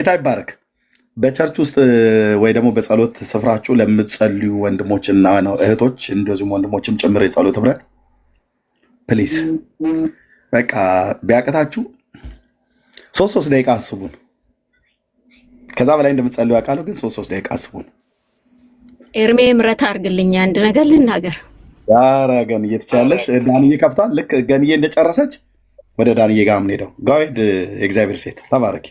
ጌታ ይባረክ። በቸርች ውስጥ ወይ ደግሞ በጸሎት ስፍራችሁ ለምትጸልዩ ወንድሞችና ነው እህቶች እንደዚሁም ወንድሞችም ጭምር የጸሎት ህብረት ፕሊስ፣ በቃ ቢያቅታችሁ ሶስት ሶስት ደቂቃ አስቡን። ከዛ በላይ እንደምትጸልዩ ያውቃለሁ፣ ግን ሶስት ሶስት ደቂቃ አስቡን። ኤርሜ ምረት አድርግልኝ፣ አንድ ነገር ልናገር። ኧረ ገን ትችላለች። ዳንዬ ከፍቷል። ልክ ገንዬ እንደጨረሰች ወደ ዳንዬ ጋር የምንሄደው ጋድ። የእግዚአብሔር ሴት ተባረኪ።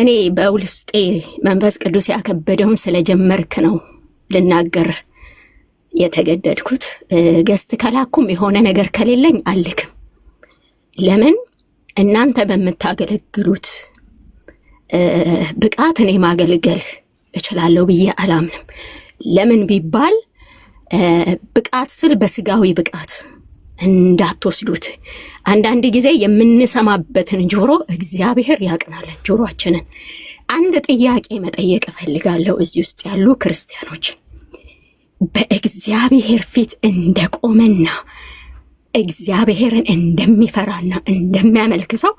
እኔ በውስጤ መንፈስ ቅዱስ ያከበደውን ስለጀመርክ ነው ልናገር የተገደድኩት። ገስት ከላኩም የሆነ ነገር ከሌለኝ አልክም። ለምን እናንተ በምታገለግሉት ብቃት እኔ ማገልገል እችላለሁ ብዬ አላምንም። ለምን ቢባል ብቃት ስል በስጋዊ ብቃት እንዳትወስዱት። አንዳንድ ጊዜ የምንሰማበትን ጆሮ እግዚአብሔር ያቅናለን ጆሮአችንን። አንድ ጥያቄ መጠየቅ እፈልጋለሁ እዚህ ውስጥ ያሉ ክርስቲያኖች በእግዚአብሔር ፊት እንደቆመና እግዚአብሔርን እንደሚፈራና እንደሚያመልክ ሰው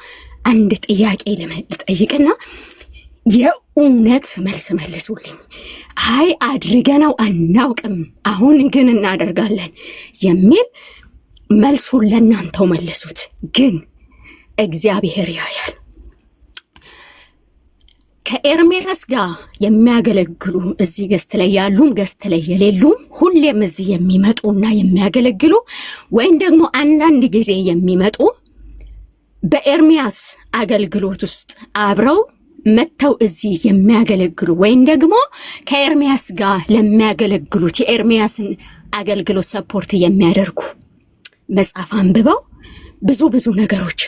አንድ ጥያቄ ልጠይቅና የእውነት መልስ መልሱልኝ። አይ አድርገነው አናውቅም፣ አሁን ግን እናደርጋለን የሚል መልሱን ለእናንተው መልሱት። ግን እግዚአብሔር ያያል። ከኤርሜስ ጋር የሚያገለግሉ እዚህ ገስት ላይ ያሉም ገስት ላይ የሌሉም ሁሌም እዚህ የሚመጡና የሚያገለግሉ ወይም ደግሞ አንዳንድ ጊዜ የሚመጡ በኤርሚያስ አገልግሎት ውስጥ አብረው መጥተው እዚህ የሚያገለግሉ ወይም ደግሞ ከኤርሚያስ ጋር ለሚያገለግሉት የኤርሚያስን አገልግሎት ሰፖርት የሚያደርጉ መጽሐፍ አንብበው ብዙ ብዙ ነገሮች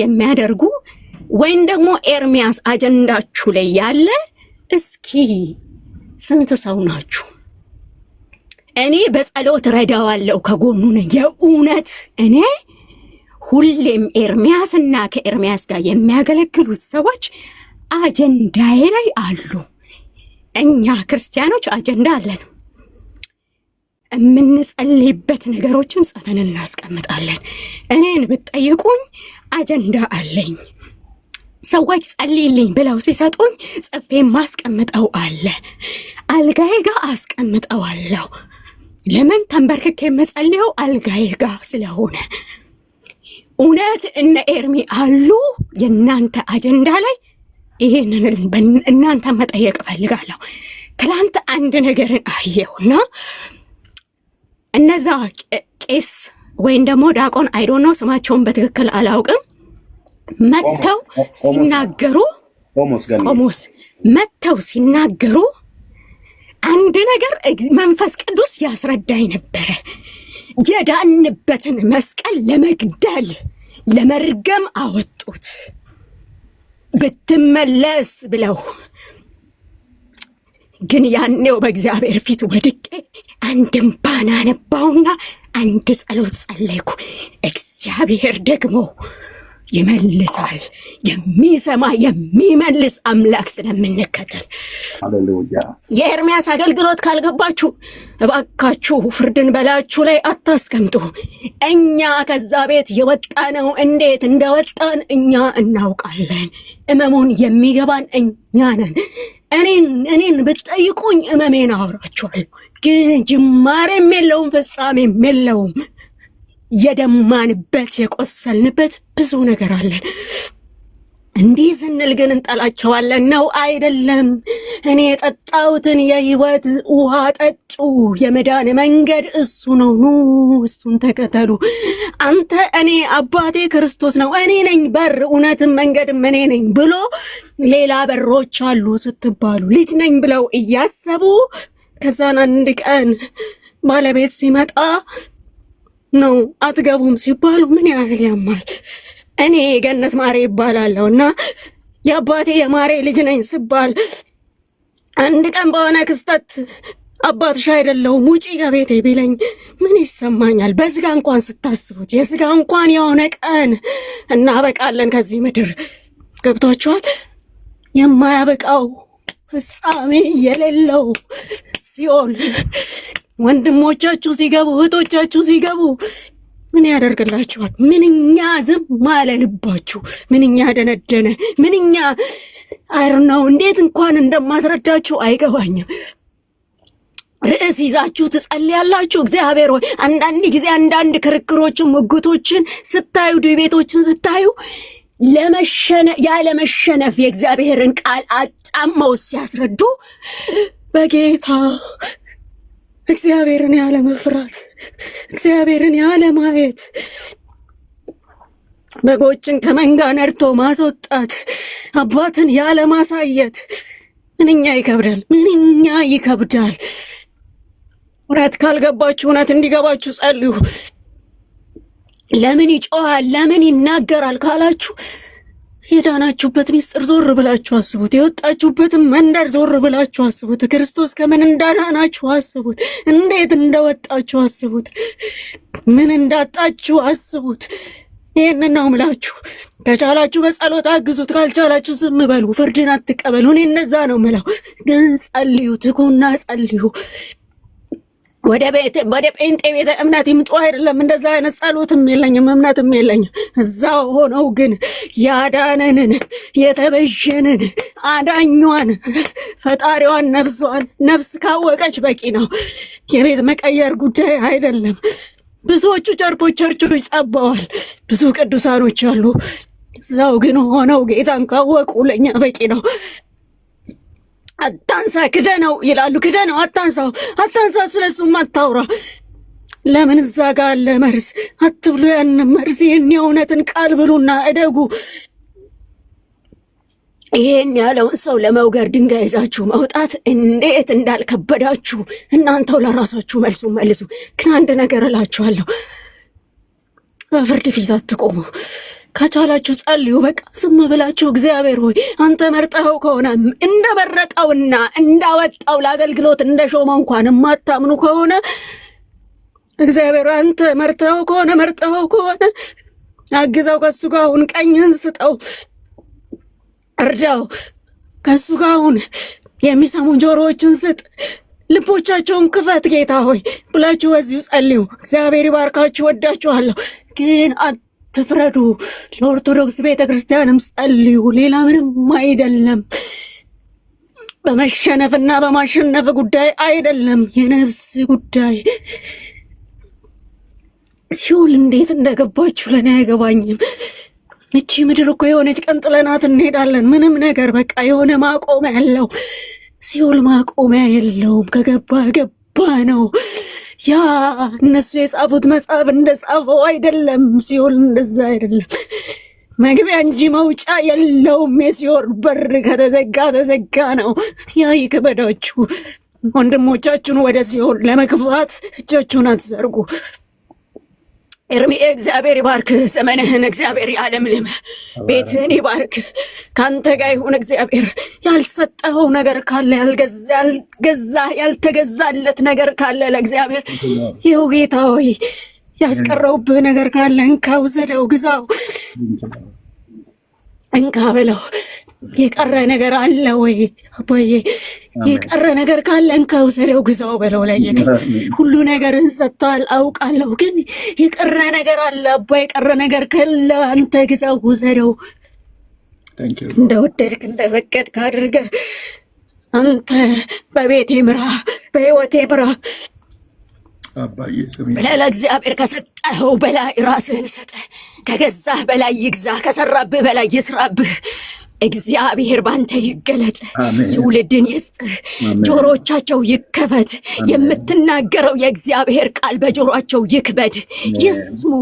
የሚያደርጉ ወይም ደግሞ ኤርሚያስ አጀንዳችሁ ላይ ያለ እስኪ ስንት ሰው ናችሁ? እኔ በጸሎት ረዳዋለሁ፣ ከጎኑን የእውነት እኔ ሁሌም ኤርሚያስና ከኤርሚያስ ጋር የሚያገለግሉት ሰዎች አጀንዳዬ ላይ አሉ። እኛ ክርስቲያኖች አጀንዳ አለን። የምንጸልይበት ነገሮችን ጽፈን እናስቀምጣለን። እኔን ብትጠይቁኝ አጀንዳ አለኝ። ሰዎች ጸልይልኝ ብለው ሲሰጡኝ ጽፌ ማስቀምጠው አለ። አልጋዬ ጋር አስቀምጠዋለሁ። ለምን ተንበርክክ የምጸልየው አልጋዬ ጋር ስለሆነ። እውነት እነ ኤርሚ አሉ የእናንተ አጀንዳ ላይ ይህንን እናንተ መጠየቅ እፈልጋለሁ። ትላንት አንድ ነገርን አየውና እነዛ ቄስ ወይም ደግሞ ዳቆን አይዶኖ ስማቸውን በትክክል አላውቅም፣ መጥተው ሲናገሩ ቆሞስ መጥተው ሲናገሩ አንድ ነገር መንፈስ ቅዱስ ያስረዳኝ ነበረ። የዳንበትን መስቀል ለመግደል ለመርገም አወጡት ብትመለስ ብለው ግን ያኔው በእግዚአብሔር ፊት ወድቄ አንድ እምባን አነባውና አንድ ጸሎት ጸለይኩ። እግዚአብሔር ደግሞ ይመልሳል። የሚሰማ የሚመልስ አምላክ ስለምንከተል የኤርሚያስ አገልግሎት ካልገባችሁ እባካችሁ ፍርድን በላችሁ ላይ አታስቀምጡ። እኛ ከዛ ቤት የወጣነው እንዴት እንደወጣን እኛ እናውቃለን። እመሙን የሚገባን እኛ ነን። እኔን እኔን ብትጠይቁኝ እመሜን አወራችኋለሁ። ጅማሬም የለውም ፍጻሜም የለውም። የደማንበት የቆሰልንበት ብዙ ነገር አለን። እንዲህ ስንል ግን እንጠላቸዋለን ነው አይደለም። እኔ የጠጣሁትን የህይወት ውሃ ጠጡ። የመዳን መንገድ እሱ ነው። ኑ እሱን ተከተሉ። አንተ እኔ አባቴ ክርስቶስ ነው፣ እኔ ነኝ በር፣ እውነትም መንገድም እኔ ነኝ ብሎ ሌላ በሮች አሉ ስትባሉ ልጅ ነኝ ብለው እያሰቡ ከዛን አንድ ቀን ባለቤት ሲመጣ ነው አትገቡም ሲባሉ ምን ያህል ያማል። እኔ ገነት ማሬ ይባላለሁ እና የአባቴ የማሬ ልጅ ነኝ ስባል አንድ ቀን በሆነ ክስተት አባትሽ አይደለሁም ውጪ ከቤቴ ቢለኝ ምን ይሰማኛል? በስጋ እንኳን ስታስቡት የስጋ እንኳን የሆነ ቀን እናበቃለን ከዚህ ምድር ገብቷችኋል? የማያበቃው ፍጻሜ የሌለው ሲኦል ወንድሞቻችሁ ሲገቡ እህቶቻችሁ ሲገቡ ምን ያደርግላችኋል? ምንኛ ዝም ማለ ልባችሁ፣ ምንኛ ደነደነ፣ ምንኛ አር ነው። እንዴት እንኳን እንደማስረዳችሁ አይገባኝም። ርዕስ ይዛችሁ ትጸልያላችሁ። እግዚአብሔር ሆይ አንዳንድ ጊዜ አንዳንድ ክርክሮችን፣ ሙግቶችን ስታዩ ድቤቶችን ስታዩ ያለመሸነፍ የእግዚአብሔርን ቃል አጣመው ሲያስረዱ በጌታ እግዚአብሔርን ያለመፍራት እግዚአብሔርን ያለማየት በጎችን ከመንጋ ነድቶ ማስወጣት አባትን ያለማሳየት ምንኛ ይከብዳል! ምንኛ ይከብዳል! እውነት ካልገባችሁ እውነት እንዲገባችሁ ጸልዩ። ለምን ይጮሃል፣ ለምን ይናገራል ካላችሁ የዳናችሁበት ሚስጥር ዞር ብላችሁ አስቡት። የወጣችሁበትን መንደር ዞር ብላችሁ አስቡት። ክርስቶስ ከምን እንዳዳናችሁ አስቡት። እንዴት እንደወጣችሁ አስቡት። ምን እንዳጣችሁ አስቡት። ይህን ነው ምላችሁ። ከቻላችሁ በጸሎት አግዙት፣ ካልቻላችሁ ዝም በሉ፣ ፍርድን አትቀበሉ። እኔ እነዛ ነው ምለው። ግን ጸልዩ፣ ትጉና ጸልዩ። ወደ ጴንጤ ቤተ እምነት ይምጡ አይደለም። እንደዛ አይነት ጸሎትም የለኝም እምነትም የለኝም። እዛው ሆነው ግን ያዳነንን የተበጀንን አዳኟን ፈጣሪዋን ነብሷን ነብስ ካወቀች በቂ ነው። የቤት መቀየር ጉዳይ አይደለም። ብዙዎቹ ጨርቆች ቸርቾች ጠባዋል። ብዙ ቅዱሳኖች አሉ። እዛው ግን ሆነው ጌታን ካወቁ ለእኛ በቂ ነው። አታንሳ፣ ክደ ነው ይላሉ። ክደ ነው አታንሳው፣ አታንሳ፣ ስለሱም አታውራ። ለምን እዛ ጋ አለ መርዝ፣ አትብሉ ያን መርዝ። ይህን የእውነትን ቃል ብሉና እደጉ። ይሄን ያለውን ሰው ለመውገር ድንጋይ ይዛችሁ መውጣት እንዴት እንዳልከበዳችሁ እናንተው ለራሳችሁ መልሱ መልሱ። ግን አንድ ነገር እላችኋለሁ፣ በፍርድ ፊት አትቆሙ። ከቻላችሁ ጸልዩ። በቃ ዝም ብላችሁ እግዚአብሔር ሆይ አንተ መርጠኸው ከሆነ እንደመረጠውና እንዳወጣው ለአገልግሎት እንደሾመው እንኳን የማታምኑ ከሆነ እግዚአብሔር አንተ መርጠኸው ከሆነ መርጠኸው ከሆነ አግዘው። ከሱ ጋር አሁን ቀኝን ስጠው፣ እርዳው። ከሱ ጋር አሁን የሚሰሙ ጆሮዎችን ስጥ፣ ልቦቻቸውን ክፈት። ጌታ ሆይ ብላችሁ በዚሁ ጸልዩ። እግዚአብሔር ይባርካችሁ። ወዳችኋለሁ ግን ትፍረዱ። ለኦርቶዶክስ ቤተ ክርስቲያንም ጸልዩ። ሌላ ምንም አይደለም። በመሸነፍና በማሸነፍ ጉዳይ አይደለም፣ የነፍስ ጉዳይ። ሲኦል እንዴት እንደገባችሁ ለእኔ አይገባኝም። እቺ ምድር እኮ የሆነች ቀን ጥለናት እንሄዳለን። ምንም ነገር በቃ የሆነ ማቆሚያ ያለው ሲኦል ማቆሚያ የለውም። ከገባ ገባ ነው። ያ እነሱ የጻፉት መጽሐፍ እንደጻፈው አይደለም። ሲኦል እንደዛ አይደለም፣ መግቢያ እንጂ መውጫ የለውም። የሲኦል በር ከተዘጋ ተዘጋ ነው። ያ ይክበዳችሁ። ወንድሞቻችሁን ወደ ሲኦል ለመግፋት እጃችሁን አትዘርጉ። ኤርሚኤ እግዚአብሔር ይባርክ ዘመንህን፣ እግዚአብሔር ያለምልም ቤትህን ይባርክ። ከአንተ ጋር ይሁን እግዚአብሔር። ያልሰጠኸው ነገር ካለ ያልገዛ ያልተገዛለት ነገር ካለ ለእግዚአብሔር ይኸው ጌታ ሆይ ያስቀረውብህ ነገር ካለ እንካ ውሰደው፣ ግዛው፣ እንካ በለው። የቀረ ነገር አለ ወይ አባዬ? የቀረ ነገር ካለ ከውሰደው ግዛው በለው ላይ ሁሉ ነገር እንሰጥተዋል አውቃለሁ፣ ግን የቀረ ነገር አለ አባ፣ የቀረ ነገር ከለ አንተ ግዛው፣ ውሰደው፣ እንደወደድክ እንደፈቀድክ አድርገህ አንተ በቤቴ ምራ፣ በህይወቴ ምራ ብለህ እግዚአብሔር ከሰጠኸው በላይ ራስህን ሰጠ ከገዛህ በላይ ይግዛህ፣ ከሰራብህ በላይ ይስራብህ። እግዚአብሔር ባንተ ይገለጥ፣ ትውልድን ይስጥህ፣ ጆሮቻቸው ይከፈት፣ የምትናገረው የእግዚአብሔር ቃል በጆሮቸው ይክበድ፣ ይስሙ።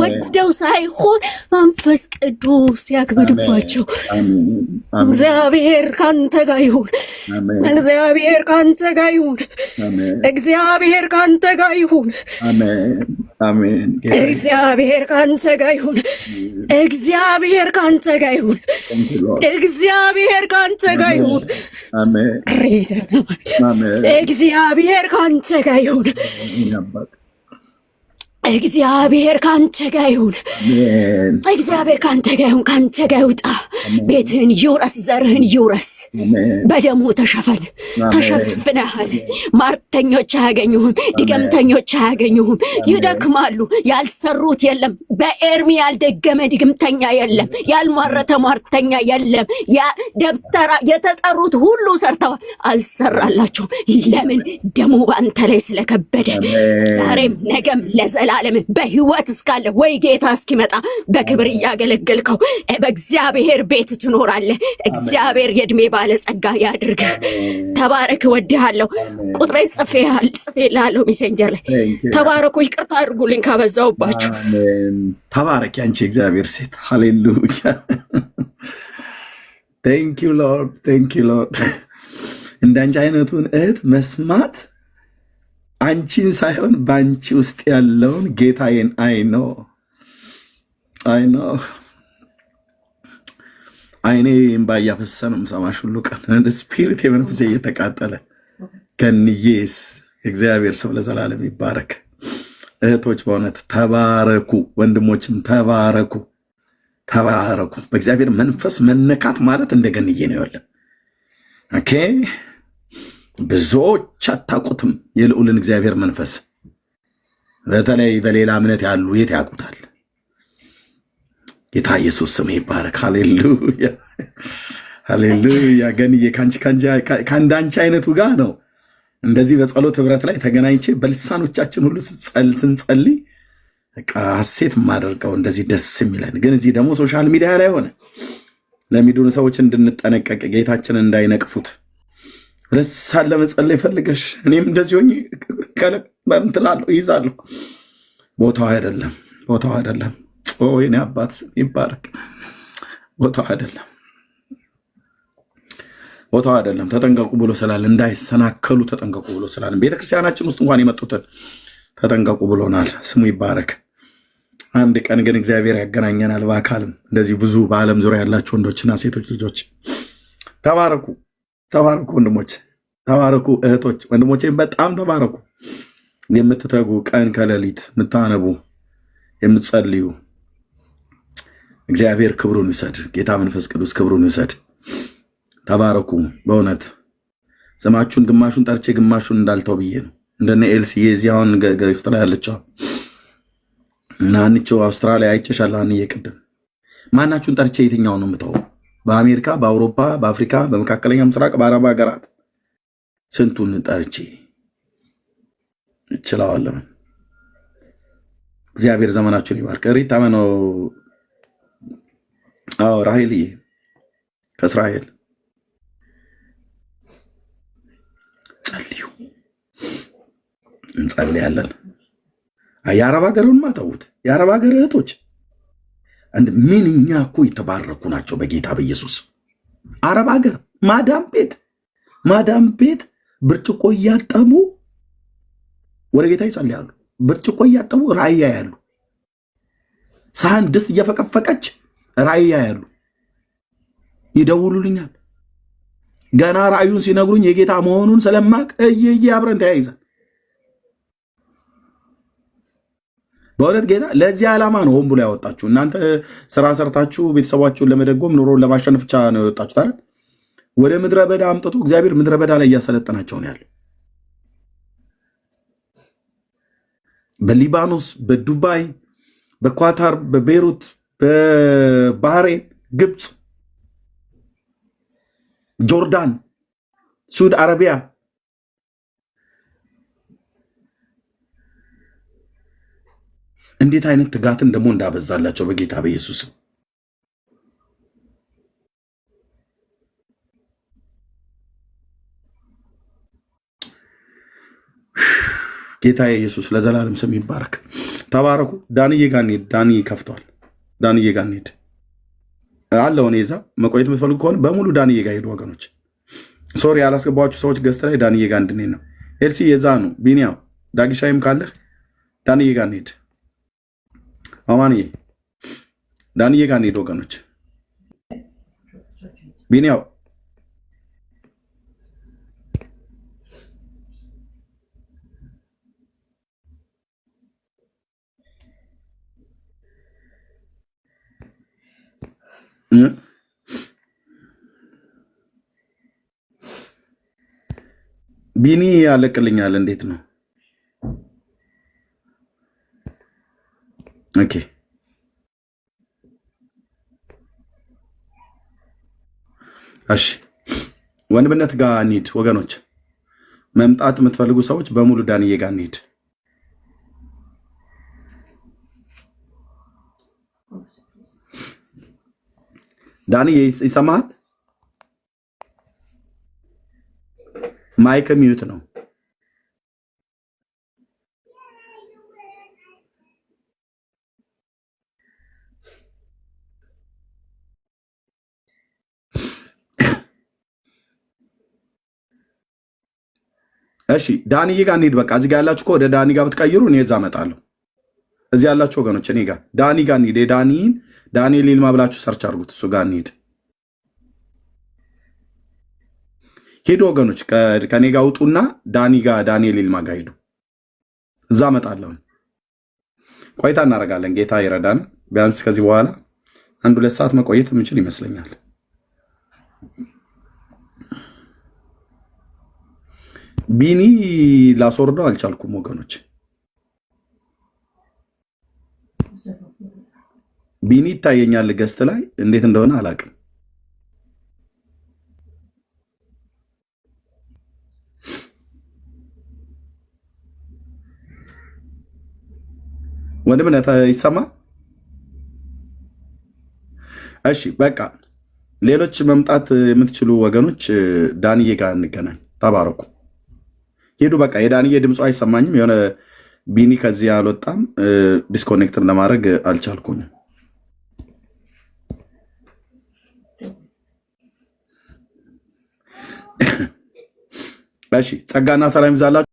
ወደው ሳይሆን መንፈስ ቅዱስ ያክብድባቸው። እግዚአብሔር ካንተ ጋር ይሁን። እግዚአብሔር ካንተ ጋር ይሁን። እግዚአብሔር ካንተ ጋር ይሁን። እግዚአብሔር ካንተ ጋር ይሁን። እግዚአብሔር ካንተ ጋር ይሁን። እግዚአብሔር ካንተ ጋር ይሁን። እግዚአብሔር ካንተ ጋር ይሁን። እግዚአብሔር ካንተ ጋር ይሁን። እግዚአብሔር ካንተ ጋር ይሁን። ካንተ ጋር ይውጣ። ቤትህን ይውረስ፣ ዘርህን ይውረስ። በደሙ ተሸፈን። ተሸፍነሃል። ማርተኞች አያገኙህም፣ ድገምተኞች አያገኙህም። ይደክማሉ። ያልሰሩት የለም። በኤርሚ ያልደገመ ድግምተኛ የለም። ያልሟረተ ማርተኛ የለም። ደብተራ የተጠሩት ሁሉ ሰርተዋል፣ አልሰራላቸውም። ለምን? ደሙ በአንተ ላይ ስለከበደ ዛሬም ነገም ለዘላ ለዘላለም በህይወት እስካለ ወይ ጌታ እስኪመጣ በክብር እያገለገልከው በእግዚአብሔር ቤት ትኖራለህ። እግዚአብሔር የእድሜ ባለጸጋ ያድርግህ። ተባረክ። እወድሃለሁ። ቁጥሬ ጽፌልሃለሁ ሜሴንጀር ላይ ተባረኩ። ይቅርታ አድርጉልኝ ካበዛውባችሁ። ተባረክ አንቺ እግዚአብሔር ሴት። ሃሌሉያ ቴንክ ዩ ሎርድ፣ ቴንክ ዩ ሎርድ። እንዳንቺ አይነቱን እህት መስማት አንቺን ሳይሆን በአንቺ ውስጥ ያለውን ጌታዬን አይኖ አይኖ አይኔ እምባ እያፈሰ ነው የምሰማሽ ሁሉ ቀን ስፒሪት የመንፈሴ እየተቃጠለ ገንዬስ እግዚአብሔር ሰው ለዘላለም ይባረክ። እህቶች በእውነት ተባረኩ፣ ወንድሞችም ተባረኩ፣ ተባረኩ። በእግዚአብሔር መንፈስ መነካት ማለት እንደ ገንዬ ነው ያለን ኦኬ ብዙዎች አታውቁትም። የልዑልን እግዚአብሔር መንፈስ በተለይ በሌላ እምነት ያሉ የት ያውቁታል? ጌታ ኢየሱስ ስም ይባረክ። ሃሌሉያ ሃሌሉያ። ገንዬ ከአንዳንቺ አይነቱ ጋር ነው እንደዚህ በጸሎት ህብረት ላይ ተገናኝቼ በልሳኖቻችን ሁሉ ስንጸልይ በቃ ሐሴት የማደርገው እንደዚህ ደስ የሚለን ግን እዚህ ደግሞ ሶሻል ሚዲያ ላይ ሆነ ለሚዱን ሰዎች እንድንጠነቀቅ ጌታችን እንዳይነቅፉት ሁለት ሰዓት ለመጸለይ ፈልገሽ እኔም እንደዚህ ሆኜ ቀለም ትላለሁ ይዛለሁ። ቦታው አይደለም፣ ቦታው አይደለም። የኔ አባት ይባረክ። ቦታው አይደለም፣ ቦታው አይደለም። ተጠንቀቁ ብሎ ስላለ እንዳይሰናከሉ ተጠንቀቁ ብሎ ስላለ ቤተክርስቲያናችን ውስጥ እንኳን የመጡትን ተጠንቀቁ ብሎናል። ስሙ ይባረክ። አንድ ቀን ግን እግዚአብሔር ያገናኘናል በአካልም እንደዚህ ብዙ በዓለም ዙሪያ ያላቸው ወንዶችና ሴቶች ልጆች ተባረኩ። ተባረኩ ወንድሞች፣ ተባረኩ እህቶች፣ ወንድሞች በጣም ተባረኩ። የምትተጉ ቀን ከሌሊት የምታነቡ የምትጸልዩ፣ እግዚአብሔር ክብሩን ይውሰድ። ጌታ መንፈስ ቅዱስ ክብሩን ይውሰድ። ተባረኩ በእውነት ስማችሁን ግማሹን ጠርቼ ግማሹን እንዳልተው ብዬ ነው። እንደነ ኤልሲ እዚህ አሁን ኤክስትራ ያለችው እና አንቺው አውስትራሊያ አይቼሻለሁ። አንዬ ቅድም ማናችሁን ጠርቼ የትኛውን ነው የምተወው? በአሜሪካ፣ በአውሮፓ፣ በአፍሪካ፣ በመካከለኛ ምስራቅ፣ በአረብ ሀገራት ስንቱን ጠርቼ እችለዋለሁ። እግዚአብሔር ዘመናችሁን ይባርክ። ሪታ መነው ራሄልዬ ከእስራኤል ጸልዩ፣ እንጸልያለን። የአረብ ሀገርን ማተዉት የአረብ ሀገር እህቶች ምንኛ እኮ የተባረኩ ናቸው በጌታ በኢየሱስ። አረብ ሀገር ማዳም ቤት ማዳም ቤት ብርጭቆ እያጠቡ ወደ ጌታ ይጸልያሉ። ብርጭቆ እያጠቡ ራእይ ያያሉ። ሳህን ድስት እየፈቀፈቀች ራእይ ያያሉ። ይደውሉልኛል። ገና ራእዩን ሲነግሩኝ የጌታ መሆኑን ስለማቅ እይ እይ አብረን ተያይዘን በእውነት ጌታ ለዚህ ዓላማ ነው ሆን ብሎ ያወጣችሁ። እናንተ ስራ ሰርታችሁ ቤተሰባችሁን ለመደጎም ኑሮን ለማሸነፍ ብቻ ነው ያወጣችሁት አይደል? ወደ ምድረ በዳ አምጥቶ እግዚአብሔር ምድረ በዳ ላይ እያሰለጠናቸው ነው ያለው። በሊባኖስ፣ በዱባይ፣ በኳታር፣ በቤሩት፣ በባህሬን፣ ግብፅ፣ ጆርዳን፣ ሱድ አረቢያ እንዴት አይነት ትጋትን ደግሞ እንዳበዛላቸው በጌታ በኢየሱስ ጌታ ኢየሱስ ለዘላለም ስም ይባረክ። ተባረኩ። ዳንዬ ጋር እንሂድ። ዳንዬ ከፍቷል። ዳንዬ ጋር እንሂድ አለው። እኔ እዛ መቆየት የምትፈልጉ ከሆነ በሙሉ ዳንዬ ጋር ሄዱ ወገኖች። ሶሪ ያላስገባችሁ ሰዎች ገዝተ ላይ ዳንዬ ጋር እንድንሄድ ነው። ኤልሲ የዛ ነው። ቢኒያው ዳግሻይም ካለህ ዳንዬ ጋር እንሂድ። ማማንዬ ዳንዬ ጋር እንሄድ ወገኖች። ቢኒያው ቢኒ ያለቅልኛል። እንዴት ነው? ኦኬ እሺ ወንድምነት ጋር እንሂድ ወገኖች። መምጣት የምትፈልጉ ሰዎች በሙሉ ዳንዬ ጋር እንሂድ። ዳንዬ ይሰማሃል? ማይክ ሚዩት ነው። እሺ ዳንዬ ጋር እንሂድ። በቃ እዚህ ጋር ያላችሁ ወደ ዳኒ ጋር ብትቀይሩ እኔ እዛ እመጣለሁ። እዚህ ያላችሁ ወገኖች እኔ ጋር ዳኒ ጋር እንሂድ። የዳኒን ዳንኤል ይልማ ብላችሁ ሰርች አድርጉት። እሱ ጋር እንሂድ። ሄዱ ወገኖች፣ ከኔ ጋር ውጡና ዳኒ ጋር ዳንኤል ይልማ ጋር እዛ እመጣለሁ። ቆይታ እናደርጋለን። ጌታ ይረዳን። ቢያንስ ከዚህ በኋላ አንድ ሁለት ሰዓት መቆየት የምችል ይመስለኛል። ቢኒ ላስወርደው አልቻልኩም ወገኖች። ቢኒ ይታየኛል ገስት ላይ እንዴት እንደሆነ አላውቅም። ወንድምነት ይሰማ። እሺ በቃ ሌሎች መምጣት የምትችሉ ወገኖች ዳንዬ ጋር እንገናኝ። ተባረኩ። ሄዱ። በቃ የዳንዬ ድምፁ አይሰማኝም። የሆነ ቢኒ ከዚህ አልወጣም። ዲስኮኔክትን ለማድረግ አልቻልኩኝ። እሺ ጸጋና ሰላም ይብዛላችሁ።